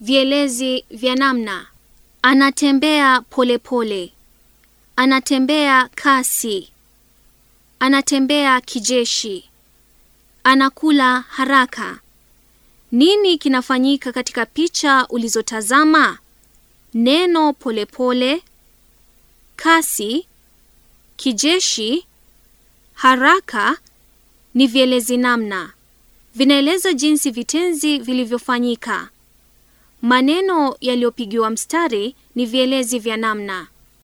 Vielezi vya namna: anatembea polepole pole, anatembea kasi, anatembea kijeshi, anakula haraka. Nini kinafanyika katika picha ulizotazama? Neno polepole pole, kasi, kijeshi, haraka ni vielezi namna. Vinaeleza jinsi vitenzi vilivyofanyika. Maneno yaliyopigiwa mstari ni vielezi vya namna